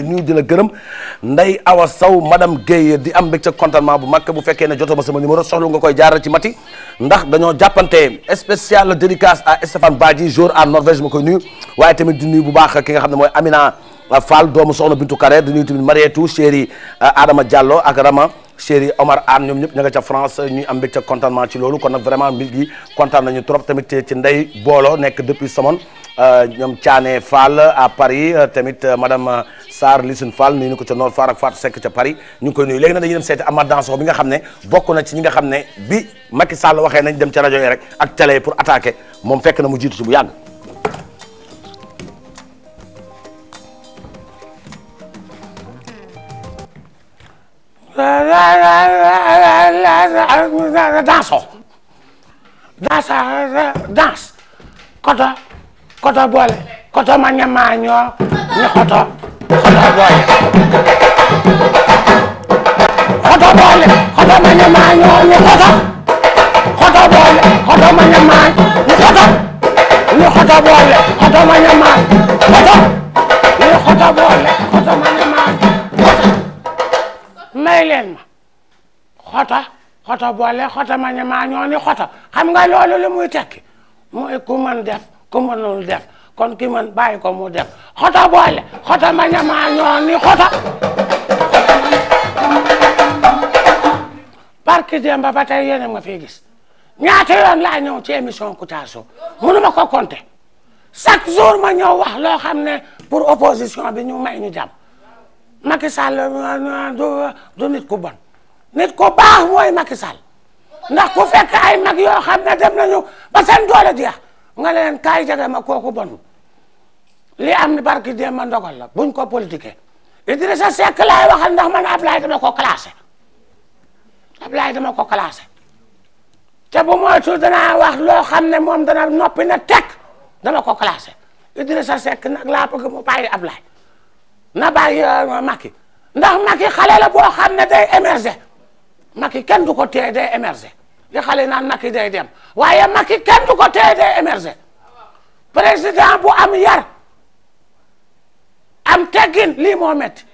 nuyu di la gërëm Ndeye Awa Sow madame Guèye di am mbégte contentement bu mag bu fekkee ne jotoo ma sama numéro soxlu nga koy jaaral ci mati ndax dañoo jàppante spécial dédicace à Stéphane Badji jour à Norvège ma koy nuyu waaye tamit di nuyu bu baax ki nga xam ne mooy Amina euh, Fall doomu soxna Bintu Kare di nuyu tamit Marietou chéri euh, Adama Diallo ak Rama chéri Omar Anne ñoom ñëpp ña nga ca France ñuy am mbégte contentement ci loolu kon nag vraiment mbir gi kontaan nañu trop tamit ci Ndeye Boolo nekk depuis Somone euh, ñoom Thiané Sarr Lissine Fall nuyu na ko ca Nord Foire ak Fatou Seck ca Paris ñu ngi koy nuyu léegi nag dañuy dem seeti Amath Dansokho bi nga xam ne bokk na ci ñi nga xam ne bi Macky Sall waxee nañ dem ca rajo yi rek ak télé pour attaquer moom fekk na mu jiitu ci bu yàgg. Dansokho danse koto koto boole koto ma ñamaañoo ñu koto. xata boole xata boole xata ma ne maa ñooñu xata xata boole xata ma ne maa ñu xata ñu xata boole boole xata ma ne maa xata may leen ma xata boole xata ma ne maa ñooñu xata xam nga loolu lu muy tekki mooy ku mën def ku kon ki man bàyyi ko mu dem xoto boole xoto ma ñamaa ñoo ni xoto barki ba tey yéen ma fii ñaata yoon laa ñëw ci émission Kouthia Show mënuma ko compter chaque jour ma ñëw wax loo xam ne pour opposition bi ñu may ñu jàmm Macky Sall du du nit ku bon nit ku baax mooy Macky Sall ndax ku fekk ay mag yoo xam ne dem nañu ba seen doole jeex nga leen kaay jege ma kooku bon li am ni barki dem ma ndogal la buñ ko politiqué Idrissa Seck laay waxal ndax man Ablaye dama ko classé Ablaye dama ko classé te bu moytu danaa wax loo xam ne moom dana noppi na teg dama ko classé sa Seck nag laa bëgg mu bàyyi Ablaye na bàyyi euh, Macky ndax Macky xale la boo xam ne day émerger Macky kenn du ko téye day émerger li xale naan Macky day dem waaye Macky kenn du ko tey day bu am yar am teggin lii moo métti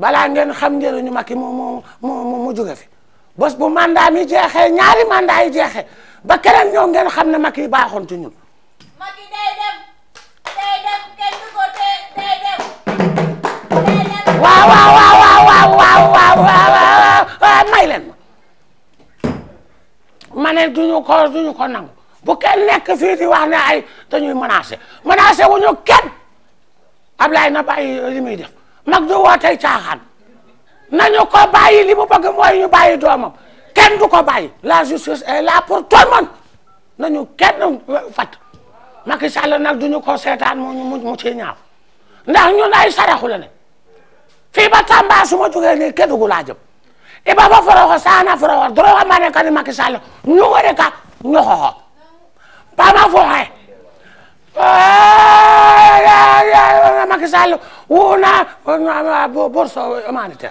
balaa ngeen xam njëriñu Macky mu mu mu mu jóge fi bés bu mandat mi jeexee ñaari mandat yi jeexee ba keneen ñëw ngeen xam ne Macky baaxoon ci ñun. Macky day dem day dem kenn du ko tey day dem. waaw waaw waaw waaw waaw waaw waaw waaw may leen ma. ma ne duñu ko duñu ko nangu bu kenn nekk fii di wax ne ay dañuy menacé menacé wu ñu kenn Ablaye na bàyyi li muy mag du wootee caaxaan nañu ko bàyyi li mu bëgg mooy ñu bàyyi doomam kenn du ko bàyyi la justice est là pour tout le monde nañu kenn fat Macky Sall nag duñu ko seetaan mu mu mu ci ñaaw ndax ñun ay saraxu la ne fii ba Tamba su ma jógee nii Kédougou laa i baba foroho sana foroho dorowa mane kani makisalo ñugore ka ñohoho pama fohe makisalo wuna borso manite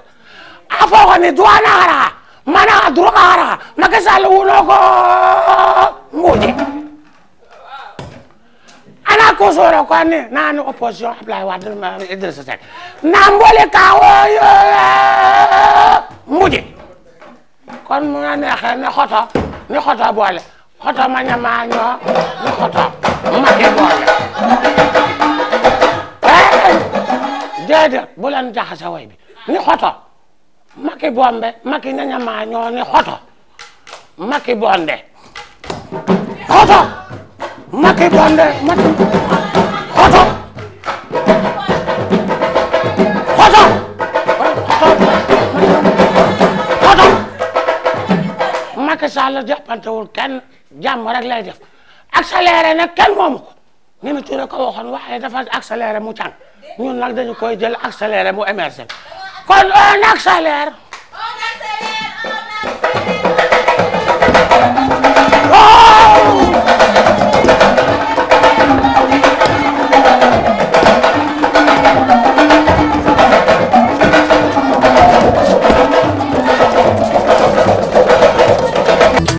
a fohoni duwana haraha mana duroka haraha makisalo wunoko ngude ana kusoro kani nani opposition Abdoulaye Wade Idrissa Seck nambole kawo muje kon mu nga neexee ne xoto ni xoto boole xoto ma ña ñoo ni xoto ma di boole déedéet bu leen jaxase way bi ni xoto maki bombe maki ñaña ñoo ni xoto maki bonde xoto maki bonde maki Sall jàppantewul kenn jàmm rek lay def accéléré nag kenn moomu ko ni mu turee ko waxoon waaye dafa accéléré mu can ñun nag dañu koy jël accéléré mu émerger kon on accélère.